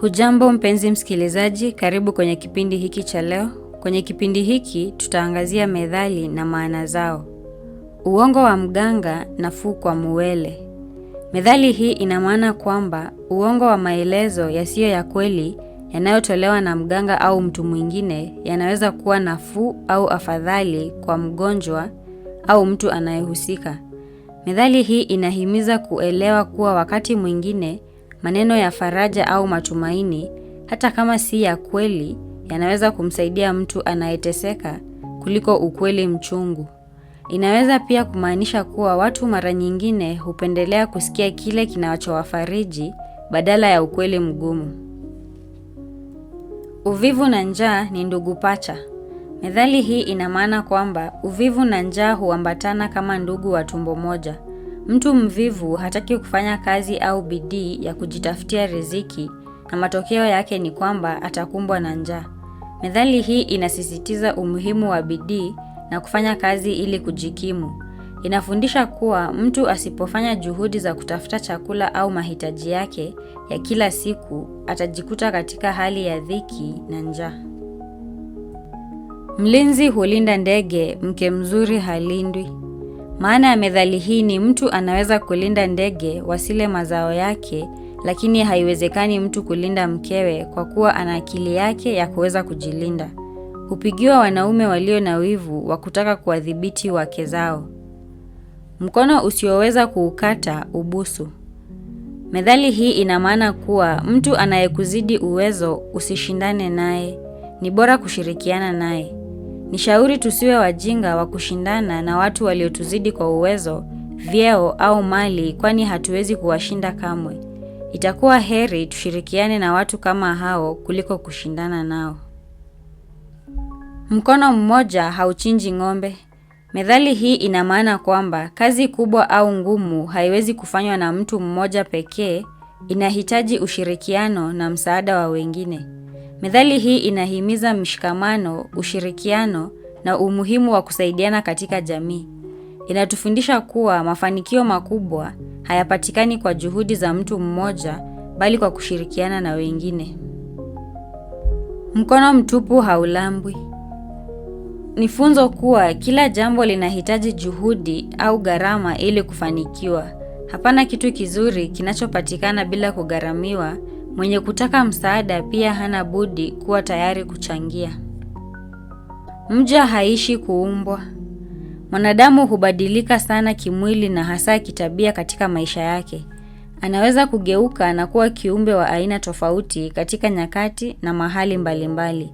Hujambo mpenzi msikilizaji, karibu kwenye kipindi hiki cha leo. Kwenye kipindi hiki tutaangazia methali na maana zao. Uongo wa mganga nafuu kwa muwele. Methali hii ina maana kwamba uongo wa maelezo yasiyo ya kweli yanayotolewa na mganga au mtu mwingine yanaweza kuwa nafuu au afadhali kwa mgonjwa au mtu anayehusika. Methali hii inahimiza kuelewa kuwa wakati mwingine Maneno ya faraja au matumaini, hata kama si ya kweli, yanaweza kumsaidia mtu anayeteseka kuliko ukweli mchungu. Inaweza pia kumaanisha kuwa watu mara nyingine hupendelea kusikia kile kinachowafariji badala ya ukweli mgumu. Uvivu na njaa ni ndugu pacha. Methali hii ina maana kwamba uvivu na njaa huambatana kama ndugu wa tumbo moja. Mtu mvivu hataki kufanya kazi au bidii ya kujitafutia riziki na matokeo yake ni kwamba atakumbwa na njaa. Methali hii inasisitiza umuhimu wa bidii na kufanya kazi ili kujikimu. Inafundisha kuwa mtu asipofanya juhudi za kutafuta chakula au mahitaji yake ya kila siku, atajikuta katika hali ya dhiki na njaa. Mlinzi hulinda ndege, mke mzuri halindwi. Maana ya methali hii ni mtu anaweza kulinda ndege wasile mazao yake, lakini haiwezekani mtu kulinda mkewe kwa kuwa ana akili yake ya kuweza kujilinda. Hupigiwa wanaume walio na wivu wa kutaka kuwadhibiti wake zao. Mkono usioweza kuukata ubusu. Methali hii ina maana kuwa mtu anayekuzidi uwezo usishindane naye, ni bora kushirikiana naye. Ni shauri tusiwe wajinga wa kushindana na watu waliotuzidi kwa uwezo, vyeo au mali kwani hatuwezi kuwashinda kamwe. Itakuwa heri tushirikiane na watu kama hao kuliko kushindana nao. Mkono mmoja hauchinji ng'ombe. Methali hii ina maana kwamba kazi kubwa au ngumu haiwezi kufanywa na mtu mmoja pekee, inahitaji ushirikiano na msaada wa wengine. Methali hii inahimiza mshikamano, ushirikiano na umuhimu wa kusaidiana katika jamii. Inatufundisha kuwa mafanikio makubwa hayapatikani kwa juhudi za mtu mmoja, bali kwa kushirikiana na wengine. Mkono mtupu haulambwi. Ni funzo kuwa kila jambo linahitaji juhudi au gharama ili kufanikiwa. Hapana kitu kizuri kinachopatikana bila kugharamiwa Mwenye kutaka msaada pia hana budi kuwa tayari kuchangia. Mja haishi kuumbwa. Mwanadamu hubadilika sana kimwili na hasa kitabia katika maisha yake. Anaweza kugeuka na kuwa kiumbe wa aina tofauti katika nyakati na mahali mbalimbali.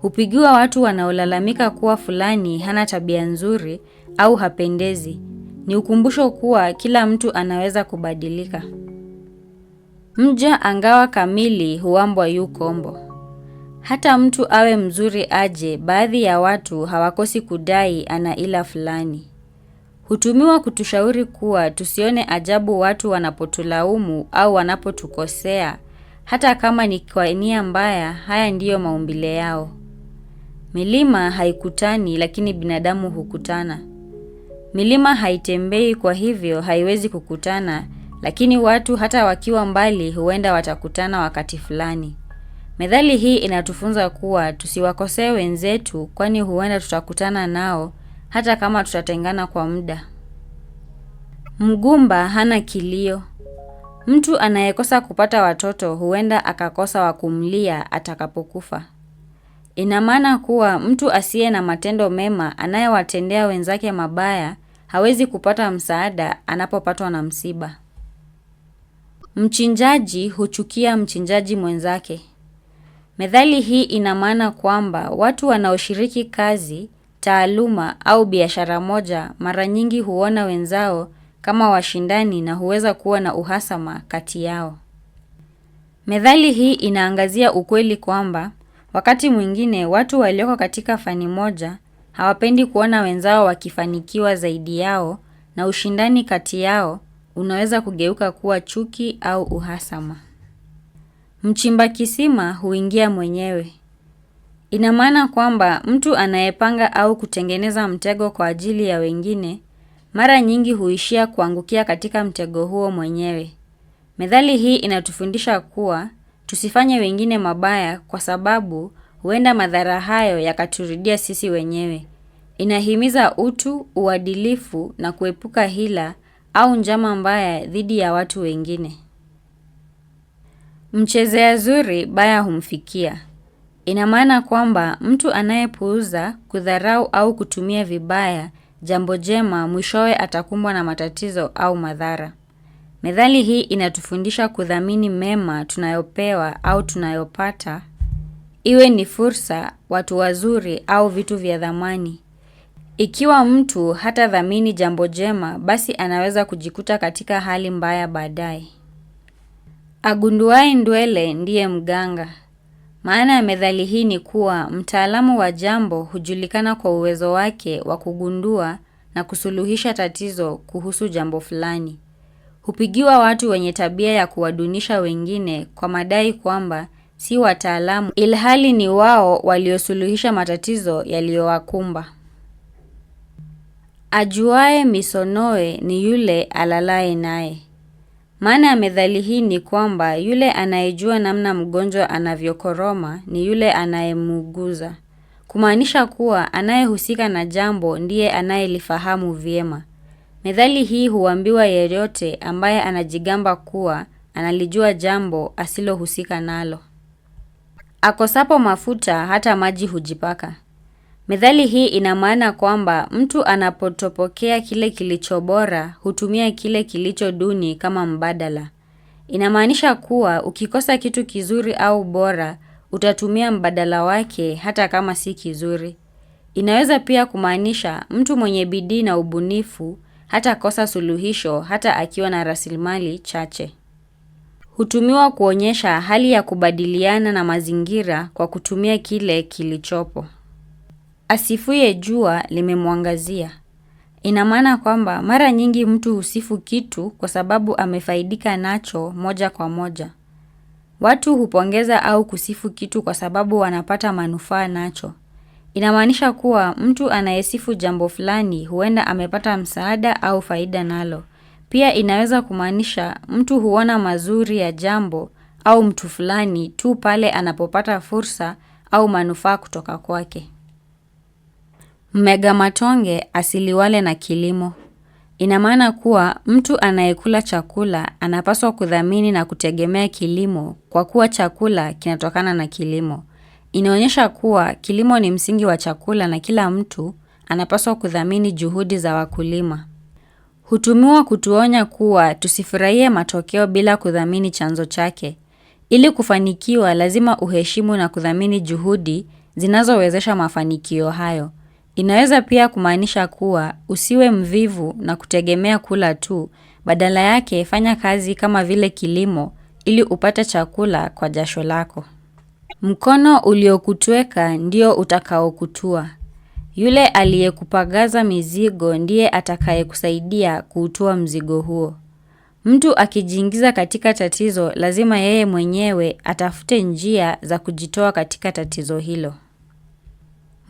Hupigiwa watu wanaolalamika kuwa fulani hana tabia nzuri au hapendezi. Ni ukumbusho kuwa kila mtu anaweza kubadilika. Mja angawa kamili huambwa yu kombo. Hata mtu awe mzuri aje, baadhi ya watu hawakosi kudai ana ila fulani. Hutumiwa kutushauri kuwa tusione ajabu watu wanapotulaumu au wanapotukosea, hata kama ni kwa nia mbaya. Haya ndiyo maumbile yao. Milima haikutani, lakini binadamu hukutana. Milima haitembei, kwa hivyo haiwezi kukutana, lakini watu hata wakiwa mbali huenda watakutana wakati fulani. Methali hii inatufunza kuwa tusiwakosee wenzetu, kwani huenda tutakutana nao hata kama tutatengana kwa muda. Mgumba hana kilio. Mtu anayekosa kupata watoto huenda akakosa wa kumlia atakapokufa. Ina maana kuwa mtu asiye na matendo mema anayewatendea wenzake mabaya hawezi kupata msaada anapopatwa na msiba. Mchinjaji huchukia mchinjaji mwenzake. Methali hii ina maana kwamba watu wanaoshiriki kazi, taaluma au biashara moja mara nyingi huona wenzao kama washindani na huweza kuwa na uhasama kati yao. Methali hii inaangazia ukweli kwamba wakati mwingine watu walioko katika fani moja hawapendi kuona wenzao wakifanikiwa zaidi yao na ushindani kati yao unaweza kugeuka kuwa chuki au uhasama. Mchimba kisima huingia mwenyewe. Ina maana kwamba mtu anayepanga au kutengeneza mtego kwa ajili ya wengine mara nyingi huishia kuangukia katika mtego huo mwenyewe. Methali hii inatufundisha kuwa tusifanye wengine mabaya kwa sababu huenda madhara hayo yakaturudia sisi wenyewe. Inahimiza utu, uadilifu na kuepuka hila au njama mbaya dhidi ya watu wengine. Mchezea zuri baya humfikia. Ina maana kwamba mtu anayepuuza, kudharau au kutumia vibaya jambo jema mwishowe atakumbwa na matatizo au madhara. Methali hii inatufundisha kudhamini mema tunayopewa au tunayopata, iwe ni fursa, watu wazuri au vitu vya dhamani. Ikiwa mtu hata dhamini jambo jema, basi anaweza kujikuta katika hali mbaya baadaye. Agunduaye ndwele ndiye mganga. Maana ya methali hii ni kuwa mtaalamu wa jambo hujulikana kwa uwezo wake wa kugundua na kusuluhisha tatizo kuhusu jambo fulani. Hupigiwa watu wenye tabia ya kuwadunisha wengine kwa madai kwamba si wataalamu ilhali ni wao waliosuluhisha matatizo yaliyowakumba ajuae misonoe ni yule alalaye naye. Maana ya methali hii ni kwamba yule anayejua namna mgonjwa anavyokoroma ni yule anayemuuguza. Kumaanisha kuwa anayehusika na jambo ndiye anayelifahamu vyema. Methali hii huambiwa yeyote ambaye anajigamba kuwa analijua jambo asilohusika nalo. Akosapo mafuta hata maji hujipaka. Methali hii ina maana kwamba mtu anapotopokea kile kilicho bora, hutumia kile kilicho duni kama mbadala. Inamaanisha kuwa ukikosa kitu kizuri au bora, utatumia mbadala wake hata kama si kizuri. Inaweza pia kumaanisha mtu mwenye bidii na ubunifu hatakosa suluhisho hata akiwa na rasilimali chache. Hutumiwa kuonyesha hali ya kubadiliana na mazingira kwa kutumia kile kilichopo. Asifuye jua limemwangazia. Ina maana kwamba mara nyingi mtu husifu kitu kwa sababu amefaidika nacho moja kwa moja. Watu hupongeza au kusifu kitu kwa sababu wanapata manufaa nacho. Inamaanisha kuwa mtu anayesifu jambo fulani huenda amepata msaada au faida nalo. Pia inaweza kumaanisha mtu huona mazuri ya jambo au mtu fulani tu pale anapopata fursa au manufaa kutoka kwake mega matonge asiliwale na kilimo. Ina maana kuwa mtu anayekula chakula anapaswa kudhamini na kutegemea kilimo kwa kuwa chakula kinatokana na kilimo. Inaonyesha kuwa kilimo ni msingi wa chakula na kila mtu anapaswa kudhamini juhudi za wakulima. Hutumiwa kutuonya kuwa tusifurahie matokeo bila kudhamini chanzo chake. Ili kufanikiwa lazima uheshimu na kudhamini juhudi zinazowezesha mafanikio hayo. Inaweza pia kumaanisha kuwa usiwe mvivu na kutegemea kula tu, badala yake fanya kazi kama vile kilimo ili upate chakula kwa jasho lako. Mkono uliokutweka ndio utakaokutua. Yule aliyekupagaza mizigo ndiye atakayekusaidia kuutua mzigo huo. Mtu akijiingiza katika tatizo lazima yeye mwenyewe atafute njia za kujitoa katika tatizo hilo.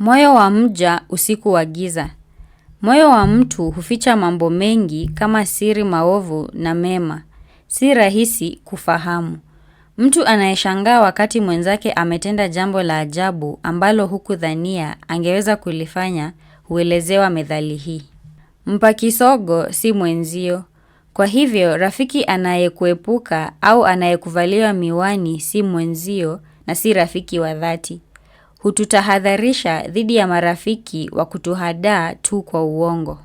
Moyo wa mja usiku wa giza. Moyo wa mtu huficha mambo mengi kama siri maovu na mema. Si rahisi kufahamu. Mtu anayeshangaa wakati mwenzake ametenda jambo la ajabu ambalo hukudhania angeweza kulifanya huelezewa methali hii. Mpa kisogo si mwenzio. Kwa hivyo, rafiki anayekuepuka au anayekuvaliwa miwani si mwenzio na si rafiki wa dhati hututahadharisha dhidi ya marafiki wa kutuhadaa tu kwa uongo.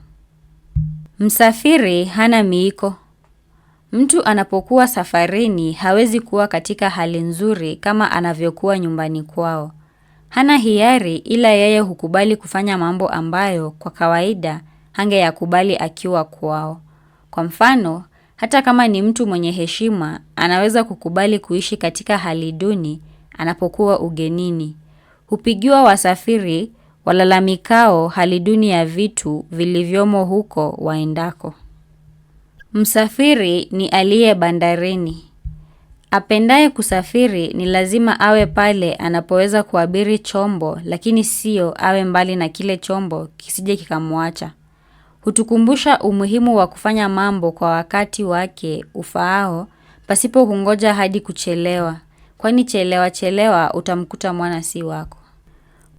Msafiri hana miiko. Mtu anapokuwa safarini hawezi kuwa katika hali nzuri kama anavyokuwa nyumbani kwao. Hana hiari ila yeye hukubali kufanya mambo ambayo kwa kawaida hangeyakubali akiwa kwao. Kwa mfano, hata kama ni mtu mwenye heshima, anaweza kukubali kuishi katika hali duni anapokuwa ugenini hupigiwa wasafiri walalamikao hali duni ya vitu vilivyomo huko waendako. Msafiri ni aliye bandarini. Apendaye kusafiri ni lazima awe pale anapoweza kuabiri chombo, lakini siyo awe mbali na kile chombo kisije kikamwacha. Hutukumbusha umuhimu wa kufanya mambo kwa wakati wake ufaao pasipo kungoja hadi kuchelewa kwani chelewa chelewa utamkuta mwana si wako.